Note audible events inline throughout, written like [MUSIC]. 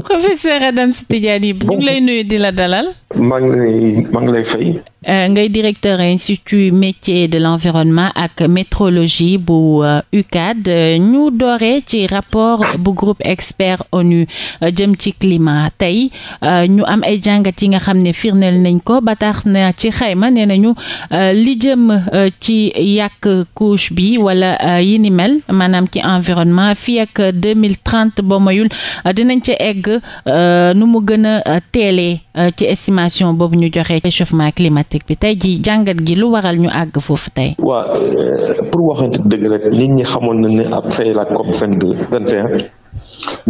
professeur Adams Tidjani. yi ngi lay nuyu di la dalal. mag ngi lay maa lay fay. Euh, ngay directeur institut métier de l'environnement ak métrologie bu UCAD euh, euh, ñu dooree ci rapport bu groupe expert ONU jëm ci climat tey ñu am ay jàngat yi nga xam ne firndeel nañ ko ba tax na ci xayma nee nañu li jëm ci yàq couche bi wala yi ni mel maanaam ci environnement fii ak 2030 boo mayul dinañ ci egg nu mu gën a teelee ci estimation boobu ñu joxe réchauffement climatique politique bi tey jàngat gi lu waral ñu àgg foofu tey. waa euh, pour waxante dëgg rek nit ñi xamoon na ne après la COP vingt deux vingt et un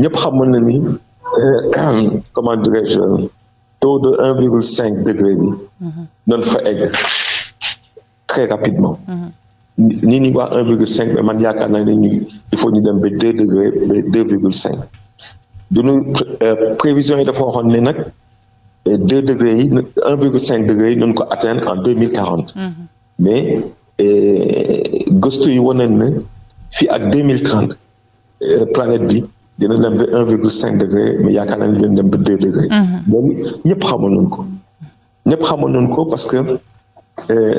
ñëpp xamoon na ni euh, [CLEARS THROAT] comment dirais-je taux de un virgule cinq mm-hmm. mm-hmm. man yaakaar naa ne ñu dem ba deux du ñu euh, prévision yi dafa waxoon ne nag. et deux degrés yi un virgule cinq degré yi nañ ko atteindre en deux mille quarante mm-hmm. mais euh, gëstu yi wane na fii ak deux mille trente euh, planète bi dina dem ba un virgule cinq degré mais yaakaar naa ne dina dem deux degré loolu mm-hmm. ko parce que euh,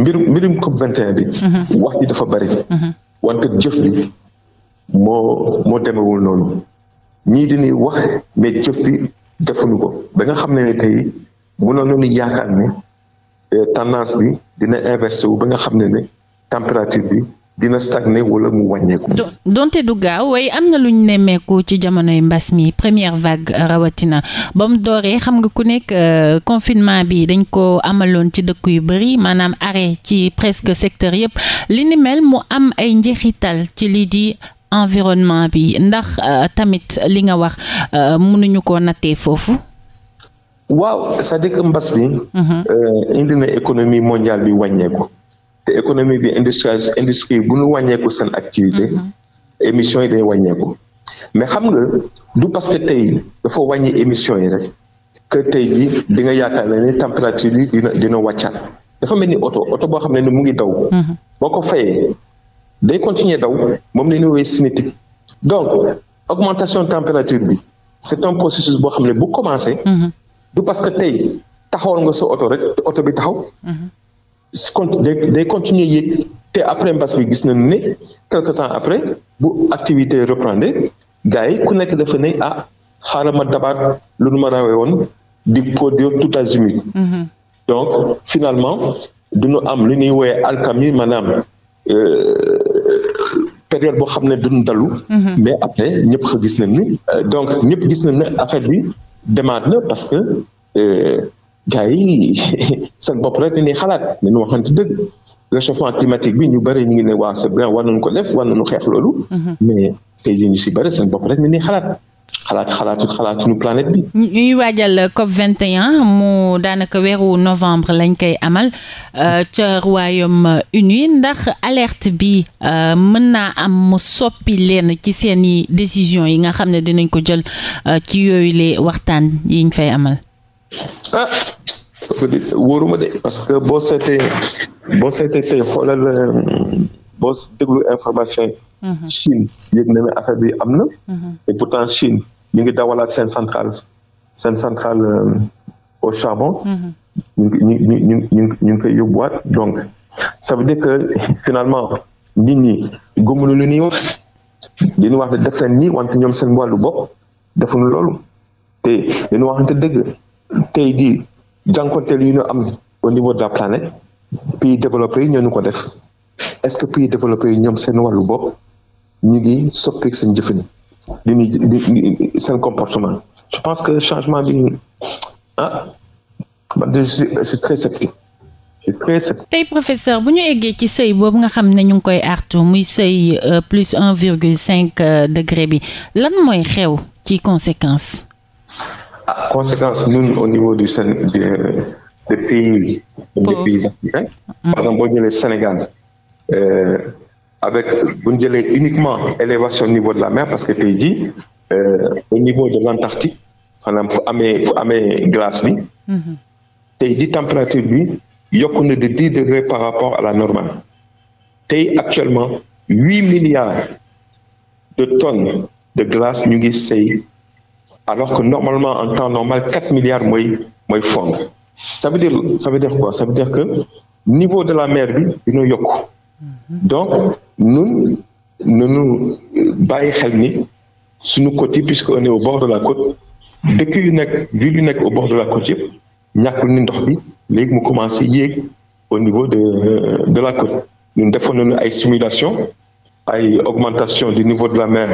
mbir mbirum COP 21 mm-hmm. moo demewul noonu ñii dañuy wax mais jëf bi defuñu ko ba nga xam ne ne tey mënoon nañu yaakaar ne euh, tendance bi dina inversé ba nga xam ne ne température bi dina stagné wala mu wàññeeku. donte du gaaw waaye am na lu ñu nemmeeku ci jamonoy mbas mi première vague euh, rawatina ba mu dooree xam nga ku nekk euh, confinement bi dañ ko amaloon ci dëkk yu bëri maanaam arrêt ci presque secteur yëpp li ni mel mu am ay njeexital ci lii di environnement bi ndax euh, tamit li nga wax euh, mënuñu koo nattee foofu. waaw sa dëkk dire que mbas bi. Mhm. Euh, indi na économie mondiale bi wàññeeku. te économie bi industrie industrie bu ñu wàññeeku seen activité. Mhm. émission yi day wàññeeku. mais xam nga du parce que tey dafa wàññi émission yi rek que tey ji di nga yaakaar ne température yi dina dina wàccaat dafa mel ni oto oto boo xam ne ni mu ngi daw. Mhm. boo ko fayee day continuer daw moom la ñu woowee cinétique donc augmentation température bi c'est processus boo xam ne bu commencé. Mhm. du parce que taxawal nga sa oto rek te bi taxaw. Mhm. day day continuer yéeg te après mbas bi gis nañu ne quelque temps après bu activité reprendre gars yi ku nekk dafa ne ah xaaral ma dabaat lu nu ma rawee woon di produire tout azimut. Mhm. donc finalement du ñu am lu ñuy woowee alchimie maanaam. Euh, période boo xam ne duñ dalu. Mhm. mais après ñëpp xa gis nañ ni euh, donc ñëpp gis na ne affaire bi demaat na parce que euh, gars yi [LAUGHS] seen bopp rek dañuy xalaat nañu waxante dëgg réchauffement climatique bi ñu bëri ñu ngi ne waa c'est bien war nañu ko def war nañu xeex loolu. Mhm. mais tey jii si bëri seen bopp rek dañuy xalaat. xalaat xalaatu xalaatuñu planète bi. ñuy waajal COP 21 mu daanaka weeru novembre lañ koy amal euh, ca Royaume-Uni ndax alerte bi euh, mën naa am mu soppi leen ci seeni i décision yi nga xam ne dinañ ko jël euh, ci yooyu les waxtaan yiñ fay amal. ah wóoruma de parce que boo seetee boo seetee tey xoolal boo déglu information yi. Mhm. Chine yëg na ne affaire am na. Mhm. et Chine. ñu ngi dawalaat seen centrale seen centrale euh, au charbon. Mm-hmm. ñu ngi ñu ñu ñu ñu ngi koy yóbbuwaat donc ça veut dire que finalement nit ñi gëmuñu lu ñuy wax dañu wax ne def leen nii wante ñoom seen wàllu bopp defuñu loolu te dañu waxante dëgg tey di jànkonteel yi ñu am au niveau de la planète pays développé yi ñoo ñu ko def est-ce que pays développé yi ñoom seen wàllu bopp ñu ngi soppi seen jëfin li ñuy comportement je pense que changement bi ah très sceptique tey professeur bu ñu eggee ci sëy boobu nga xam ne ñu ngi koy artu muy sëy euh, plus un virgule cinq euh, degré bi lan mooy xew ci conséquence ah conséquence ñun au niveau de de pays des pays africains par exemple boo jëlee Sénégal euh, avec bu ñu jëlee uniquement élévation niveau de la mer parce que tey jii euh, au niveau de l'Antarctique xanaa amee fu amee glace bi mhm. tey jii température bi yokku na de dix degrés par rapport à la normale tey actuellement huit milliards de tonnes de glace ñu ngi sey alors que normalement en temps normal quatre milliards mooy mooy ça veut dire quoi ça veut dire que niveau de la mer bi dina yokku donc ñun nañu bàyyi xel ni suñu côté puisque on est au bord de la côte dëkk yu nekk ville yu nekk au bord de la côte yëpp ñàkkul ni ndox bi léegi mu commencé yéeg au niveau de euh, de la côte ñun defoon nañu ay simulation ay augmentation du niveau de la mer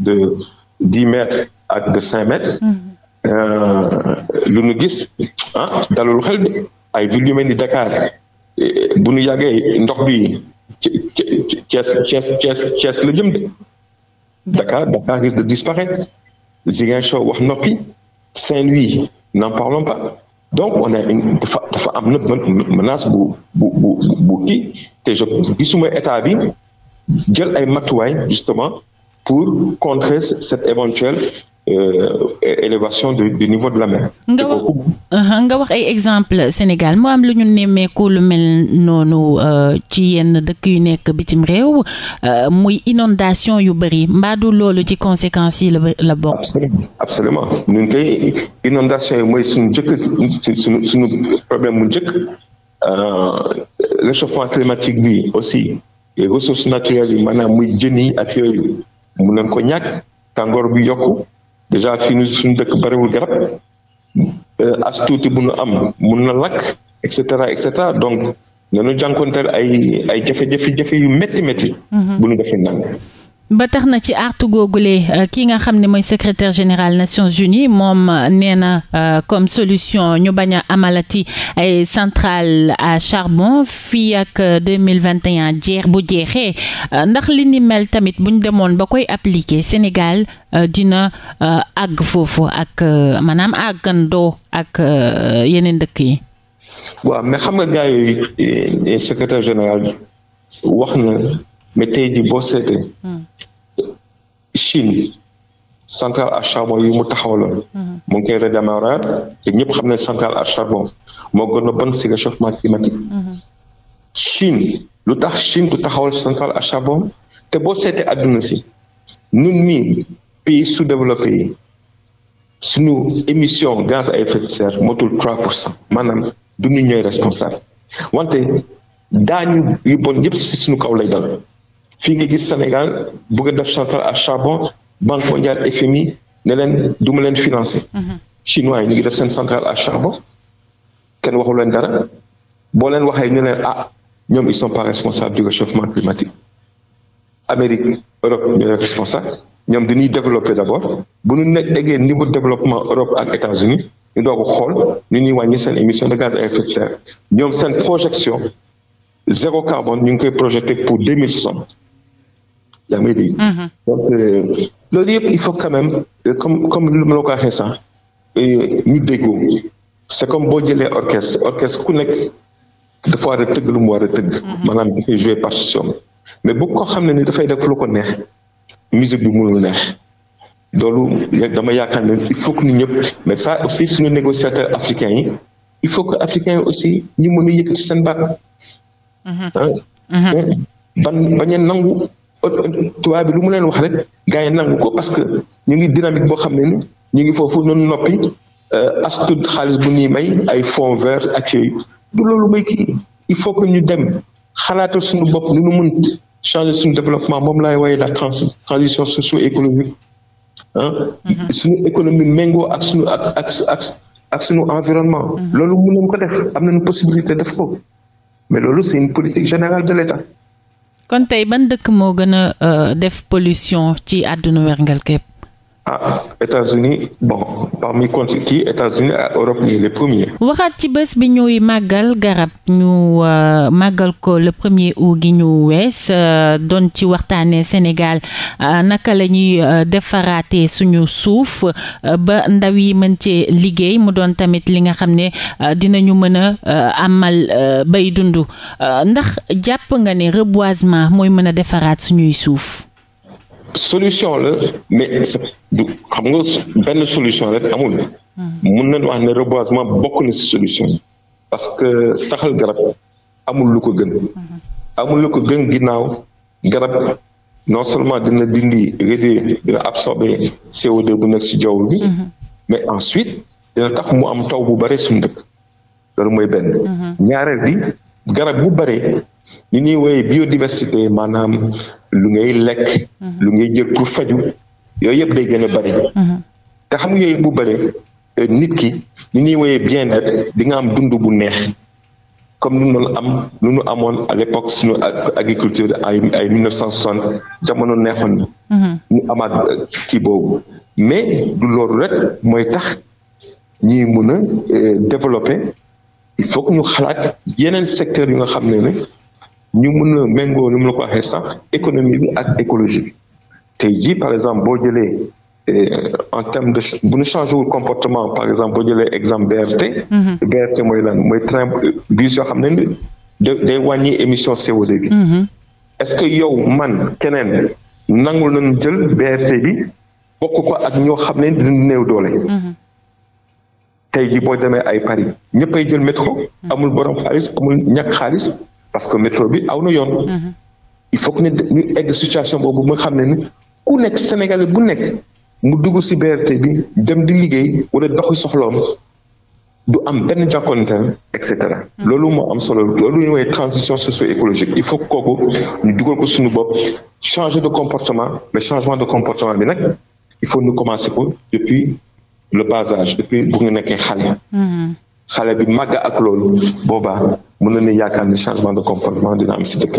de dix mètres ak de cinq mètres mm-hmm. euh, lu nu gis ah dalul xel de ay ville yu mel ni Dakar eh, bu nu yàggee ndox bi Thiès Thiès Thiès Thiès la jëm de. Dakar Dakar risque de disparaître Ziguinchor wax noppi Saint-Louis n'en parlons pas donc on a une dafa dafa am na menace bu bu bu bu te je gisuma état bi jël ay matuwaay justement pour contrer cette éventuelle Euh, élévation du du niveau de la mer. Euh, nga wax ay exemple Sénégal mu am lu ñu nemmeeku lu mel noonu euh, ci yenn dëkk yu nekk bitim réew muy inondation yu bëri mbaadu loolu ci conséquences yi la la bokk. absolument ñun kay inondation yi mooy suñu njëkk suñu suñu problème mu njëkk réchauffement climatique bi aussi et ressources naturelles yi maanaam muy jën yi ak yooyu mu nañ ko ñàkk tàngoor bi yokku. déjà fii nu suñu dëkk bariwul garab euh, as tuuti bu nu am mun na lakk et cetera et cetera donc nanu jànkonteel ay ay jafe-jafe jafe yu métti mhm. bu nu defee ndànk ba tax na ci artu googule euh, ki nga xam ne mooy secretaire général Nations Unies moom euh, nee na euh, comme solution ñu bañ a amalati ay centrale à charbon fii ak deux mille vingt et un jeex bu jeexee ndax li ni mel tamit buñ demoon ba koy appliquer Sénégal dina àgg foofu ak maanaam àggandoo ak yeneen dëkk yi. waaw mais xam nga gars yi général wax na. mais tey ji boo seetee. Hmm. Chine centrale à charbon yi mu taxawaloon. Hmm. mu ngi koy redémarrer te ñëpp xam ne centrale à charbon moo gën a bon si réchauffement climatique. Hmm. Chine lu tax Chine du taxawal centrale à charbon te boo seetee àdduna si ñun nii pays sous-développé yi suñu émission gaz à effet de serre maanaam du ñu ñooy responsable wante daañu yu bon yëpp si suñu kaw lay dal. fii nga gis Sénégal bëgg a def centrale à charbon banque mondiale FMI ne leen du leen financé. Mhm. chinois yi ñu ngi def seen centrale a charbon kenn waxu leen dara boo leen waxee ñu leen ah ñoom ils sont pas responsables du réchauffement climatique Amérique Europe ñooy responsable ñoom dañuy développpé d' abord bu ñu ne eggee niveau développement Europe ak États-Unis ñu doog xool ñu ñuy wàññi seen émission de gaz à effet de ñoom seen projection zéro carbone ñu ngi koy projeté pour deux mille soixante yaa mm-hmm. euh, loolu yëpp il faut quand euh, comme comme lu ma la ko waxee sax euh, ñu déggoo c'est boo jëlee orchestre orchestre ku nekk dafa war a tëgg lu mu war a tëgg. Mm-hmm. maanaam dafay jouer partition mais bu ko xam ne ni dafay def lu ko neex musique bi mënul neex. loolu dama yaakaar ne il faut que ñu ñëpp mais ça aussi suñu négociateurs africains yi il faut que africains yi aussi ñu mën a yëkkati seen baat. Mm-hmm. ban nangu tubaab bi lu mu leen wax rek gars yi nangu ko parce que ñu ngi dynamique boo xam ne ni ñu ngi foofu noonu noppi euh, as tudd xaalis bu ni may ay fonds vert ak yooyu du loolu may kii il faut que ñu dem xalaatal suñu bopp nu nu mun changer suñu développement moom laay waaye la trans transition socio-économique ah suñu économie méngoo ak suñu ak ak ak ak suñu environnement mm-hmm. loolu mën nañ ko def am nañu possibilité def ko mais loolu c'est une politique générale de l'État kon tey ban dëkk moo gën a euh, def pollution ci àdduna werngel képp ah États-Unis bon parmi contre kii États-Unis ak ah, Europe yi les premiers. waxaat ci bés bi ñuy màggal garab ñu euh, màggal ko le premier août gi ñu wees euh, doon ci waxtaanee Sénégal euh, naka la ñuy defaraatee suñu suuf ba ndaw yi mën cee liggéey mu doon tamit li nga xam ne dinañu mën a amal bay dund ndax jàpp nga ne reboisement mooy mën a defaraat suñuy suuf. solution la mais xam nga benn solution rek amul. mun nañu wax ne reboisement bokk na ci solution parce que saxal garab amul lu ko gën. amul lu ko gën ginnaaw garab non seulement dina dindi réduire dina absorber co bu nekk ci jaww bi. mais ensuite dina tax mu am taw bu bare suñu dëkk loolu mooy benn. Mhm. ñaareel bi garab bu bare ñu ñuy woowee biodiversité maanaam lu ngay lekk. Mhm. lu ngay jël pour faju yooyu yëpp day gën a bëri. Mhm. te xam nga yooyu bu bëri euh, nit ki ñu ñuy woyee bien-être di nga am dund bu neex comme nu ñu am lu ñu amoon à l'époque suñu agriculture ay ay mille neuf cent soixante jamono neexoon na. Mhm. ñu amaat euh, kii mais du loolu rek mooy tax ñuy mën a euh, développer il faut ñu xalaat yeneen secteur yu nga xam ne ne ñu mën a méngoo ni mu la ko waxee sax économie bi ak écologie bi tey jii par exemple boo jëlee eh, en terme de bu ñu changé wul comportement par exemple boo jëlee exemple BRT. Mm-hmm. BRT mooy lan mooy train bus yoo xam ne day wàññi émission co bi. Mm-hmm. est-ce que yow man keneen nangul nañu jël BRT bi bokk ko ak ñoo xam ne dinañ néew doole. Mm-hmm. tey jii boo demee ay Paris ñëppay jël métro. amul borom xaalis amul ñàkk xaalis. parce que métro bi aw na yoon. Mhm. il faut que ñu egg situation boobu nga xam ne ni ku nekk Sénégalais bu nekk mu dugg si BRT bi dem di liggéey wala doxu soxloom du am benn jànkonteel et cetera. Mhm. loolu moo am solo loolu ñu mooy transition socio-écologique il faut kooku ñu dugal ko suñu bopp changer de comportement mais changement de comportement bi nag il faut ñu commencer ko depuis le bas âge depuis bu nekkee xale. Mhm. xale bi màgg ak loolu boobaa mën na ni yaakaar ni changement de comportement dina am si dëkk.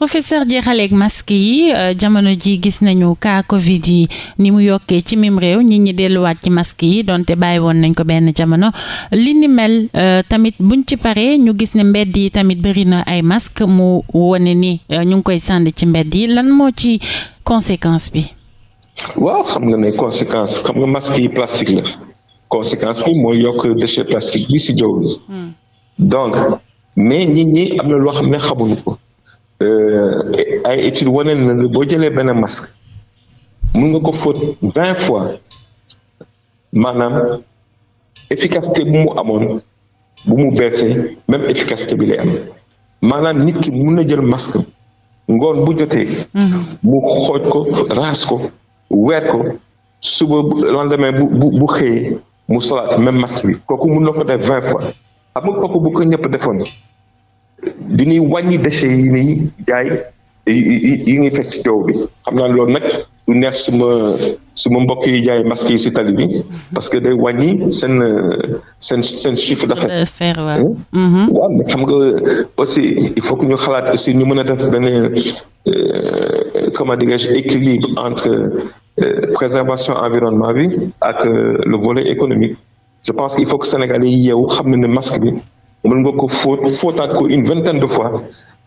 professeur jeexaleeg masque yi euh, jamono ji gis nañu cas Covid yi ni mu yokkee ci mim réew ñi ñi delluwaat ci masque yi donte bàyyi woon nañ ko benn jamono li ni mel euh, tamit buñ ci paree ñu gis ne mbedd yi tamit bëri na ay masque mu wone ni euh, ñu ngi koy sànd ci mbedd yi lan moo ci conséquence bi. waaw xam nga ne conséquence xam nga masque yi plastique la. conséquence bi mooy yokk déchet plastique bi si jaww hmm. donc mais nit ñi am na loo xam ne xamuñu ko euh, ay études wane na boo jëlee benn masque mun nga ko fóot vingt fois maanaam efficacité bu mu amoon bu mu beesee même efficacité bi lay am maanaam nit ki mun na jël masque ngoon bu jotee hmm. mu xooj ko raxas ko weer ko suba lendemain bu xëyee mu solaat même masque bi kooku mun na ko def vingt fois xam nga kooku bu ko ñëpp defoon di ñuy wàññi déchets yi nii jaay yi ñuy fes ci coow bi xam naa lool nag du neex suma suma su mbokk yi jaay masque yi si tali bi parce que day wàññi seen seen seen chiffre d'affaires hmm? mm-hmm. waaw mais xam nga aussi il faut que ñu xalaat aussi ñu mën a def benn euh, comment dirais équilibre entre préservation environnement bi ak euh, le volet économique je pense qu'il faut que Sénégalais yi yeewu xam ne ne masque bi mën nga ko fóot fóotaat ko une vingtaine de fois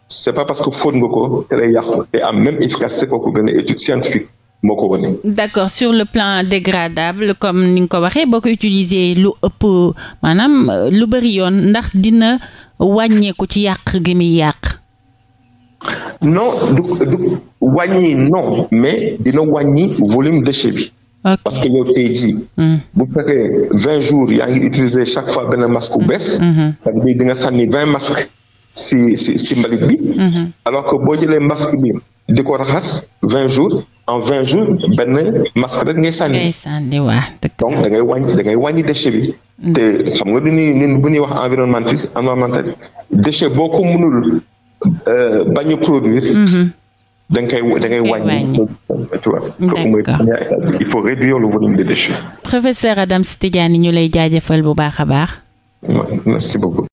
c'est pas parce que fóot nga ko te lay yàqu te am même efficacité kooku benn étude moo ko wane. d'accord sur le plan dégradable comme ni nga ko waxee boo ko utiliser lu ëpp maanaam euh, lu bëri yoon ndax dina wàññeeku ci yàq gi muy yàq. non du du wàññi non mais dina wàññi volume déchet bi. Okay. parce que yow tey jii. Hmm. bu fekkee vingt jours yaa ngi utiliser chaque fois benn masque bu bees. Hmm. sànni vingt masques si si si mbalit bi. Hmm. alors que boo jëlee masque bi di ko raxas vingt jours. en vingt jours benn masque rek ngay sànni. ngay sànni waa donc da ngay wàññi da bi. te xam nga du ñuy bu ñuy wax environnementaliste environnemental déchet boo ko mënul Euh, bañ a produire. Mm-hmm. da nga koy da ngay wàññi. tu vois kooku ñu lay jaajëfal bu baax a baax. merci beaucoup.